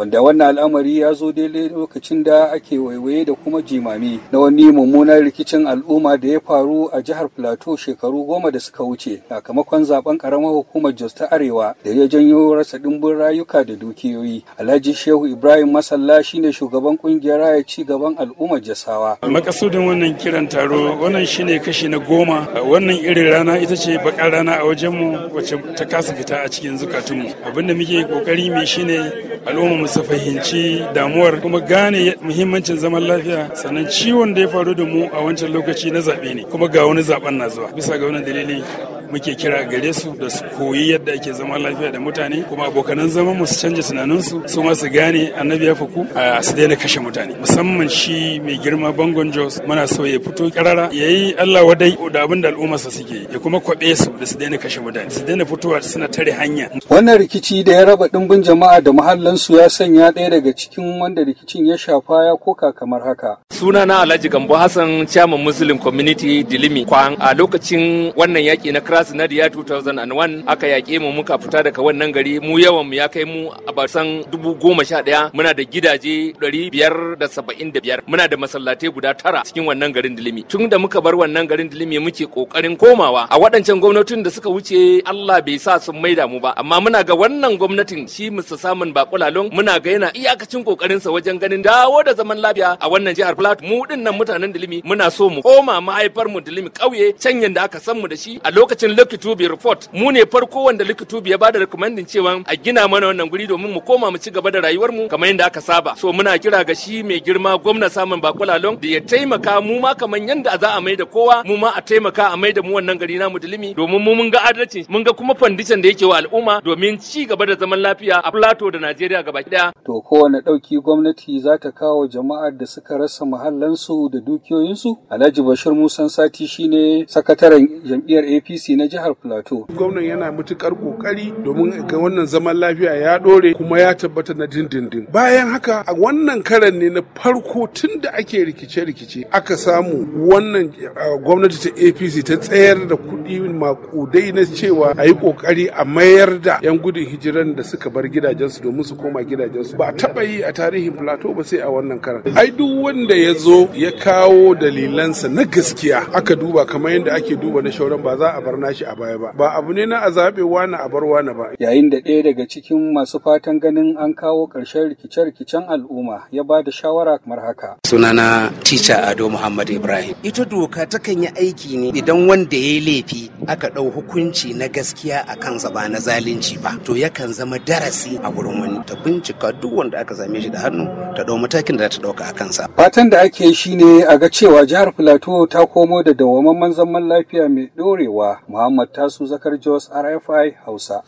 wanda wannan al'amari ya zo daidai lokacin da ake waiwaye da kuma jimami na wani mummunan rikicin al'umma da ya faru a jihar plateau shekaru goma da suka wuce sakamakon zaben karamar hukumar jos ta arewa da ya janyo rasa dimbin rayuka da dukiyoyi alhaji shehu ibrahim masalla shine shugaban kungiyar raya ci gaban al'ummar jasawa makasudin wannan kiran taro wannan shine kashi na goma wannan irin rana ita ce bakar rana a wajenmu wacce ta kasa fita a cikin zukatunmu abinda muke kokari mai shine al'ummar su fahimci damuwar kuma gane muhimmancin zaman lafiya sannan ciwon da ya faru da mu a wancan lokaci na zaɓe ne kuma ga wani zaɓen na zuwa bisa ga wani dalili muke kira gare su da su koyi yadda ake zama lafiya da mutane kuma abokanan zaman mu su canja tunaninsu su ma su gane annabi ya ku a su daina kashe mutane musamman shi mai girma bangon jos muna so ya fito karara ya yi allah wadai da abin da al'ummarsa suke ya kuma kwaɓe su da su daina kashe mutane su daina fitowa suna tare hanya. wannan rikici da ya raba ɗimbin jama'a da mahallansu ya sanya ɗaya daga cikin wanda rikicin ya shafa ya koka kamar haka. Suna na alhaji gambo hassan chairman muslim community dilimi kwan a lokacin wannan yaki na sinadiya 2001 aka yaƙe mu muka fita daga wannan gari mu yawan mu ya kai mu a basan dubu goma sha ɗaya muna da gidaje ɗari biyar da saba'in da biyar muna da masallatai guda tara cikin wannan garin dilimi tun da muka bar wannan garin dilimi muke ƙoƙarin komawa a waɗancan gwamnatin da suka wuce Allah bai sa sun maida mu ba amma muna ga wannan gwamnatin shi musu samun bakulalon muna ga yana iyakacin sa wajen ganin dawo da zaman lafiya a wannan jihar Plateau mu nan mutanen dilimi muna so mu koma mahaifar mu dilimi ƙauye can yanda aka san mu da shi a lokacin cikin Likitubi report mu ne farko wanda Likitubi ya bada recommending cewa a gina mana wannan guri domin mu koma mu ci gaba da rayuwar mu kamar yadda aka saba so muna kira ga shi mai girma gwamna samun long da ya taimaka mu ma kamar yadda za a mai da kowa mu ma a taimaka a mai da mu wannan gari namu dilimi domin mu mun ga adalci mun ga kuma fandishin da yake wa al'umma domin ci gaba da zaman lafiya a plato da Najeriya gaba daya to kowane dauki gwamnati za ta kawo jama'ar da suka rasa muhallansu da dukiyoyinsu Alhaji Bashir Musan Sati shine sakataren jam'iyyar APC na jihar Plateau. Gwamnan yana matukar ƙoƙari, domin ga wannan zaman lafiya ya ɗore. kuma ya tabbata na dindindin. Bayan haka a wannan karan ne na farko tun da ake rikice-rikice aka samu wannan gwamnati ta APC ta tsayar da kuɗi makudai na cewa a yi kokari a mayar da 'yan gudun hijiran da suka bar gidajensu domin su koma gidajensu. Ba a taɓa yi a tarihin Plateau ba sai a wannan karan. Ai duk wanda ya zo ya kawo dalilansa na gaskiya aka duba kamar yadda ake duba na shauran ba za a bar na a baya ba ba abu ne na a zaɓe wani a bar wani ba yayin da ɗaya daga cikin masu fatan ganin an kawo ƙarshen rikice-rikicen al'umma ya ba da shawara kamar haka sunana tica ado muhammad ibrahim ita doka takan yi aiki ne idan wanda ya yi laifi aka ɗau hukunci na gaskiya a kansa ba na zalunci ba to yakan zama darasi a wurin wani ta bincika duk wanda aka same shi da hannu ta ɗau matakin da ta ɗauka a kansa fatan da ake shi ne a ga cewa jihar plateau ta komo da dawwamamman zaman lafiya mai ɗorewa Muhammad Tasu Zakar Jos RFI Hausa.